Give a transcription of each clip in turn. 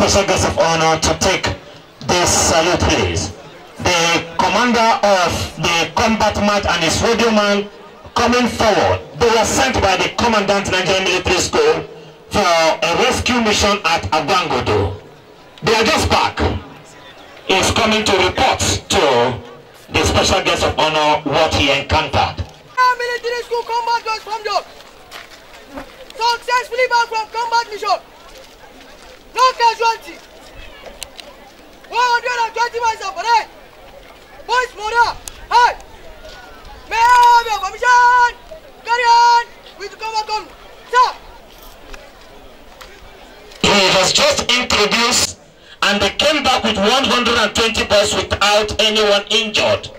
special guest of honor to take this salute, please. The commander of the combat march and his radio man coming forward. They were sent by the commandant Nigerian Military School for a rescue mission at Abangodo. They are just back. Is coming to report to the special guest of honor what he encountered. Military school combat was from Successfully back from combat mission. No 120 miles Boys, Hey. May I have your permission? Carry on Stop. He was just introduced and they came back with 120 boys without anyone injured.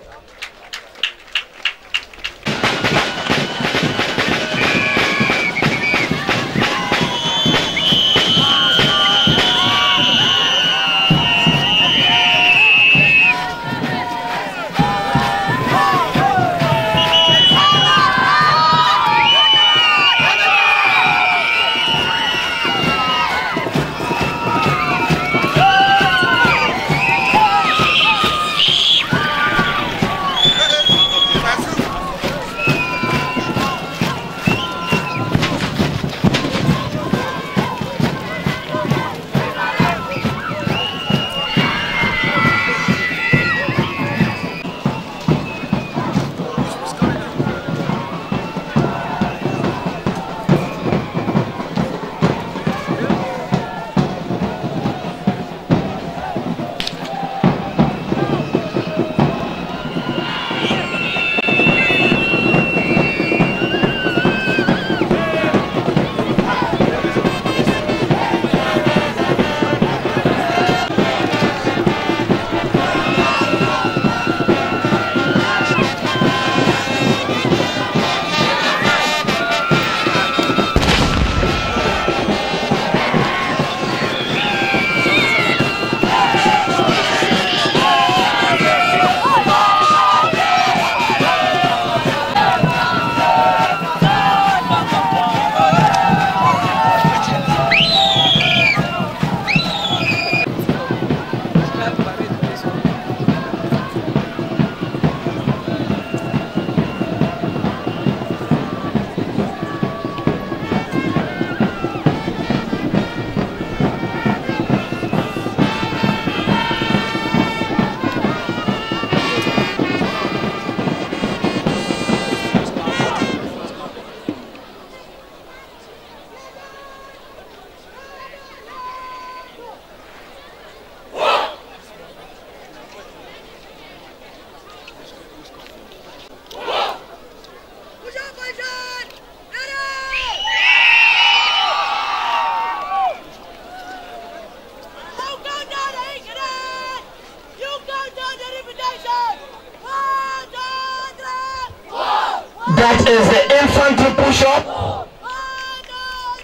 Bishop for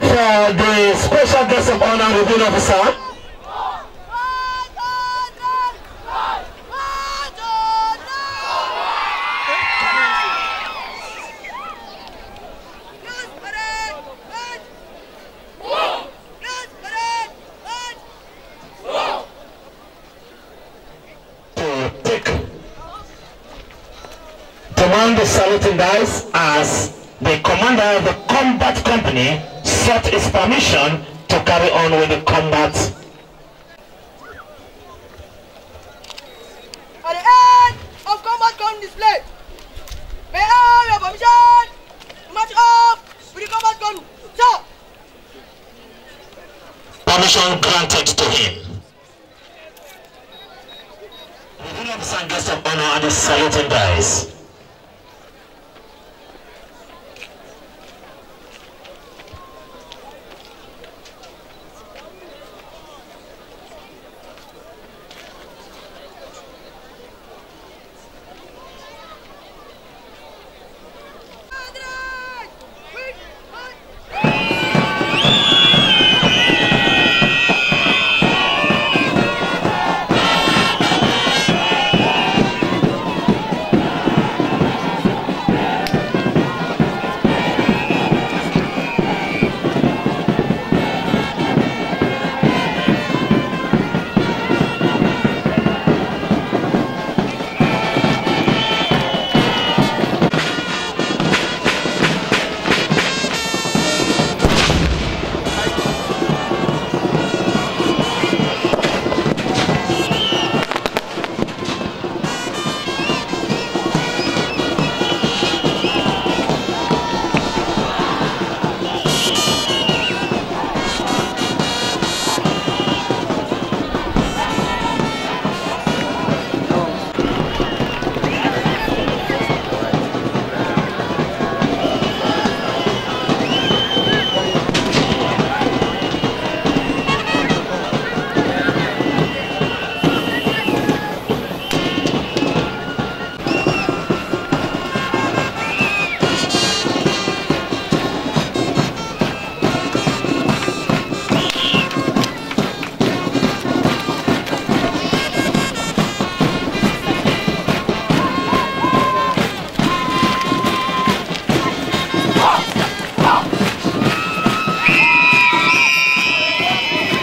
the special guest of honor reviewing officer. Command the saluting dice as the commander of the combat company sought his permission to carry on with the combat. At the end of combat gun display, may I have your permission match up with the combat gun, sir. Permission granted to him. The Williams and guest of honor and the saluted dies.